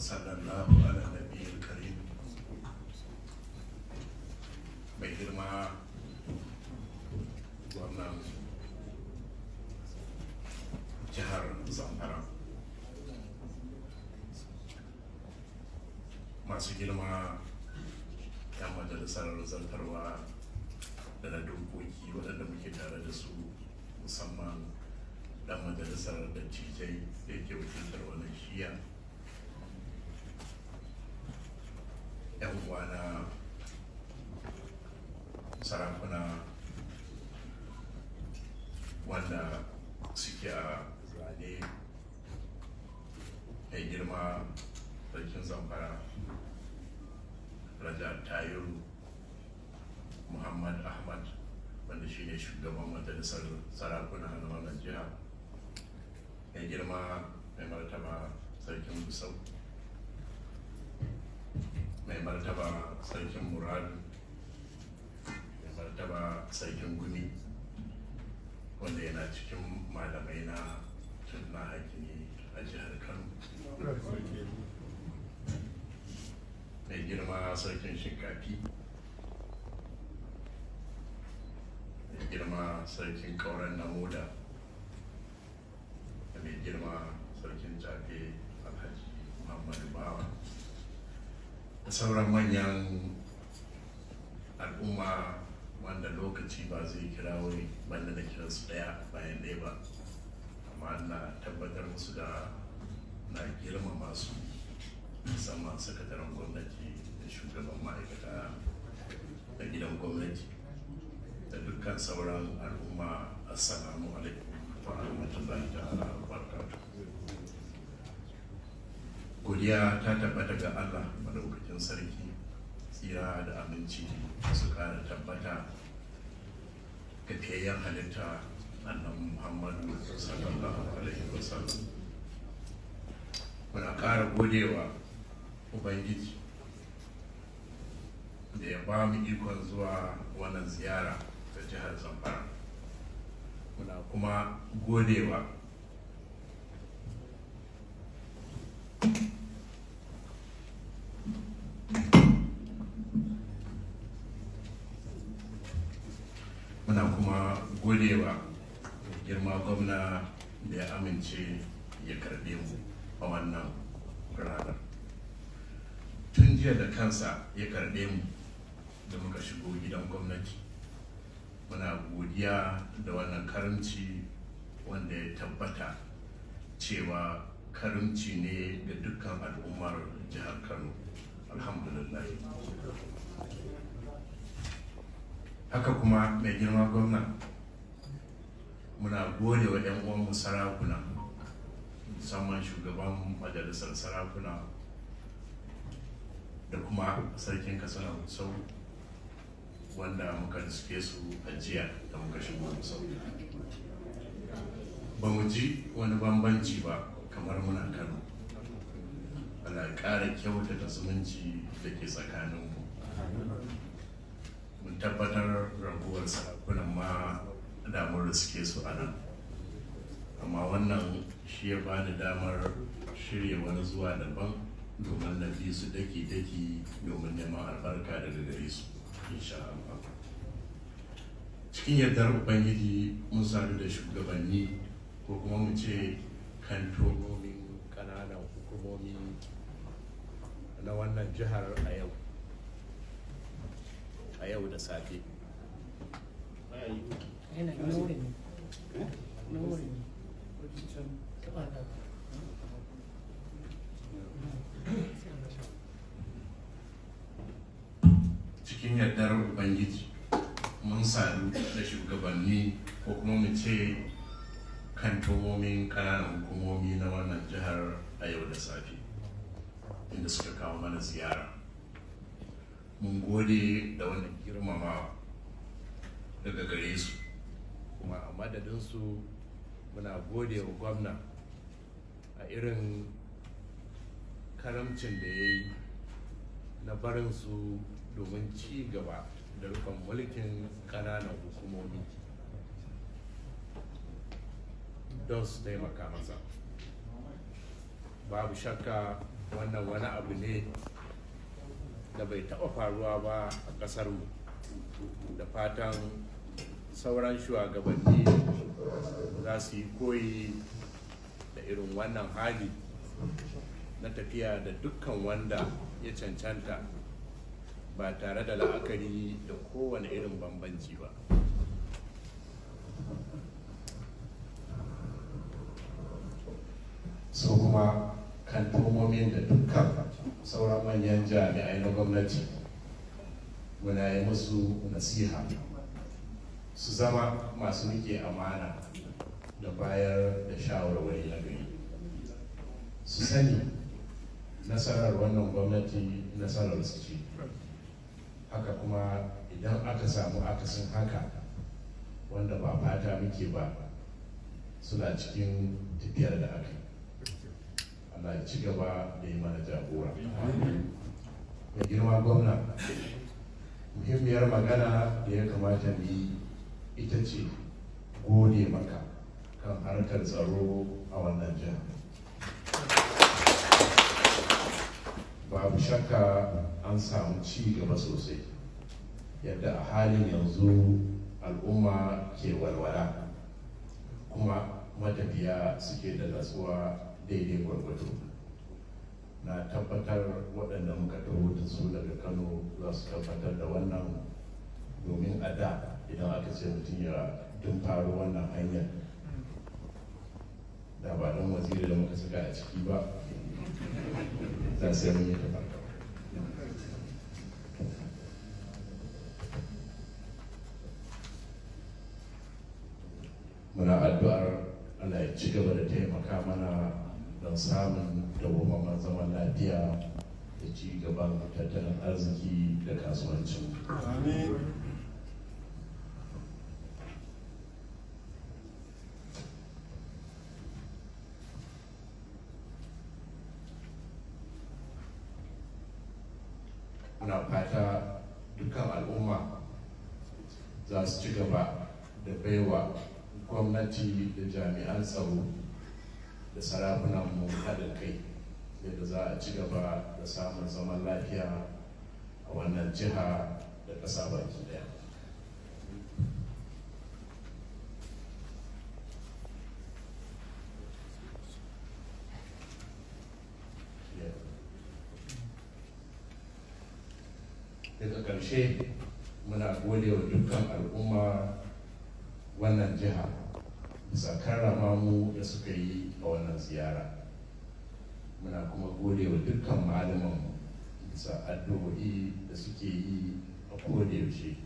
وصلى الله على النبي الكريم mai girma wannan jihar zamfara masu girma yan majalisar zartarwa da na dokoki waɗanda muke tare da su musamman dan majalisar dattijai da ke wakiltar wannan shiya wana na sarakuna wanda suke a zane mai girma sarkin zamfara raja tayo muhammad ahmad wanda shi ne shugaban majalisar sarakuna na wannan jiha mai girma mai martaba sarkin busau mai martaba sarkin muradu mai martaba sarkin gumi wanda yana cikin malamai na tunna hakimi a jihar kano mai girma sarkin shinkafi mai girma sarkin kauran na moda da mai girma sarkin jafe alhaji muhammadu bawa sauran manyan al'umma wanda lokaci ba zai kira wani banda da su daya bayan daya ba amma na tabbatar musu da na girmama su musamman sakataren gwamnati da shugaban ma'aikata da gidan gwamnati da dukkan sauran al'umma assalamu alaikum wa rahmatullahi ta'ala wa barakatuh godiya ta tabbata ga Allah sarki tsira da aminci su kara tabbata ga fiyayyen halitta annan muhammadu sallallahu alaihi wasallam muna kara godewa ubangiji da ya ba mu ikon zuwa wannan ziyara ta jihar zamfara muna kuma godewa muna kuma godewa girma gwamna da ya amince ya karbe mu a wannan ranar tun jiya da kansa ya karbe mu da muka shigo gidan gwamnati muna godiya da wannan karamci wanda ya tabbata cewa karamci ne ga dukkan al'ummar jihar kano alhamdulillah haka kuma mai girma gwamna muna gode wa 'yan uwanmu sarakuna musamman shugaban majalisar sarakuna da kuma sarkin kasar sau wanda muka suke su a jiya da muka shigo sau ba mu ji wani bambanci ba kamar muna kano ana ƙara kyautata zumunci da ke tsakaninmu mun tabbatar suke su a nan amma wannan shi ya bani damar shirya wani zuwa daban domin na fi su daki-daki domin neman albarka daga gare su insha Allah cikin yadda ubangiji mun sadu da shugabanni ko kuma mu ce kantomomin kananan hukumomi na wannan jihar a yau a yau da safe Eh? Cikin yardar Ubangiji mun sadu da shugabanni ko kuma mu ce tumomin ƙananan hukumomi na wannan jihar a yau da safe inda suka kawo mana ziyara. Mun gode da wani girmamawa daga gare su. madadinsu muna gode wa gwamna a irin karamcin da ya yi na barinsu domin ci gaba da rufin mulkin ƙananan hukumomi don su taimaka masa babu shakka wannan wani abu ne da bai taɓa faruwa ba a ƙasarmu da fatan sauran shugabanni za su yi koyi da irin wannan hali na tafiya da dukkan wanda ya cancanta ba tare da la'akari da kowane irin bambanci ba su kuma kan tomomin da dukkan sauran manyan jami'ai na gwamnati muna yi musu nasiha su zama masu rike amana da bayar da shawarwari na gari su sani nasarar wannan gwamnati nasarar su ce haka kuma idan aka samu akasin haka wanda ba fata muke ba suna cikin tafiyar da aka Allah ci gaba da yi mana jagora mai girma gwamna muhimmiyar magana da ya kamata mu ita ce gode maka kan harkar tsaro a wannan jiha babu shakka an samu ci gaba sosai yadda a halin yanzu al'umma ke walwala kuma matafiya suke da natsuwa daidai gwargwato na tabbatar waɗanda muka taho su daga kano za su tabbatar da wannan domin a da idan aka ce mutum ya tun faru wannan hanyar da ba dan waziri da muka saka a ciki ba za su yi mun yi muna addu'ar Allah ya ci gaba da taimaka mana don samun dawwammamen zaman lafiya da ci gaban tattalin arziki da kasuwancin. Amin. muna fata dukkan al'umma za su ci gaba da baiwa gwamnati da jami'an tsaro da mu haɗin kai yadda za a ci gaba da samun zaman lafiya a wannan jiha da ƙasa baki ɗaya. daga ƙarshe muna gode wa dukkan al'umma wannan jiha bisa karrama mu da suka yi a wannan ziyara muna kuma gode wa dukkan malaman bisa addu'o'i da suke yi a yaushe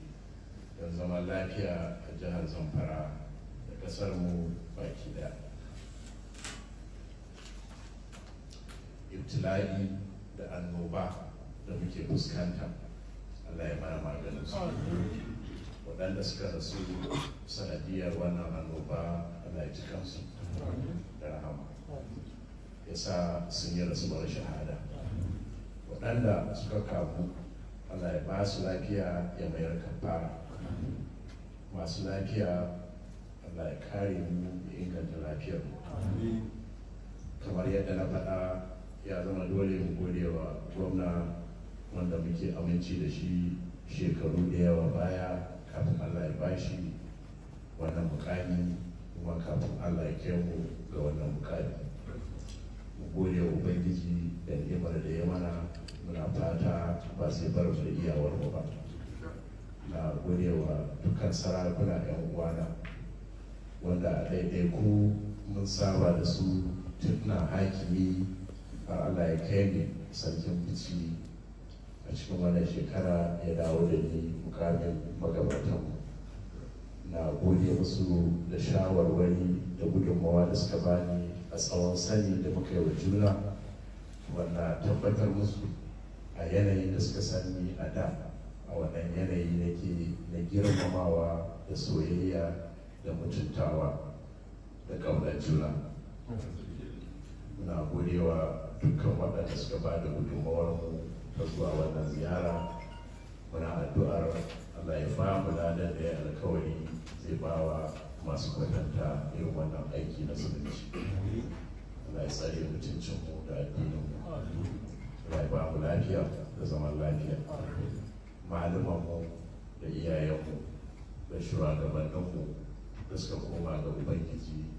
don zama lafiya a jihar zamfara da ƙasar mu baki da ibtila'i da annoba da muke fuskanta Allah ya maganin su waɗanda suka rasu sanadiyar wannan annoba Allah ya ci kansu da rahama ya sa sun yi rasu bar shahada waɗanda suka kamu Allah ya ba su lafiya ya mayar kafara masu lafiya Allah ya kare mu ya inganta lafiyar mu kamar yadda na faɗa ya zama dole mu gode wa gwamna wanda muke aminci da shi shekaru da yawa baya kafin allah ya bashi wannan mukami kuma kafin allah ya kai ga wannan mukami mu gode wa ubangiji da ni'imar da ya mana muna fata ba sai bar mu iyawar ba na gode wa dukkan sarakuna yan uwana wanda a ku mun saba da su tun na hakimi a allah ya kai ni sarkin bici a cikin wannan shekara ya dawo da ni mukamin magabatan na gode musu da shawarwari da gudunmawa da suka bani a tsawon sani da muka yi wa juna wanda tabbatar musu a yanayin da suka sani a da a wannan yanayi nake na girmamawa da soyayya da mutuntawa da ƙaunar juna muna wa dukkan waɗanda suka ba da gudunmawar ta zuwa wannan ziyara muna addu'ar Allah ya ba mu ladan da ya alkawari zai ba wa masu kwatanta irin wannan aiki na zumunci Allah ya tsare mutuncin mu da addinin mu Allah ya ba mu lafiya da zaman lafiya malaman mu da iyayen mu da shugabannin mu da suka koma ga ubangiji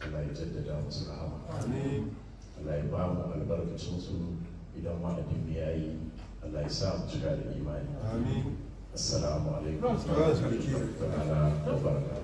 Allah ya jaddada musu rahama Allah ya ba mu albarkacin su idan wa'adin mu yayi Allah ya sa mu cika da imani assalamu alaikum wa rahmatullahi wa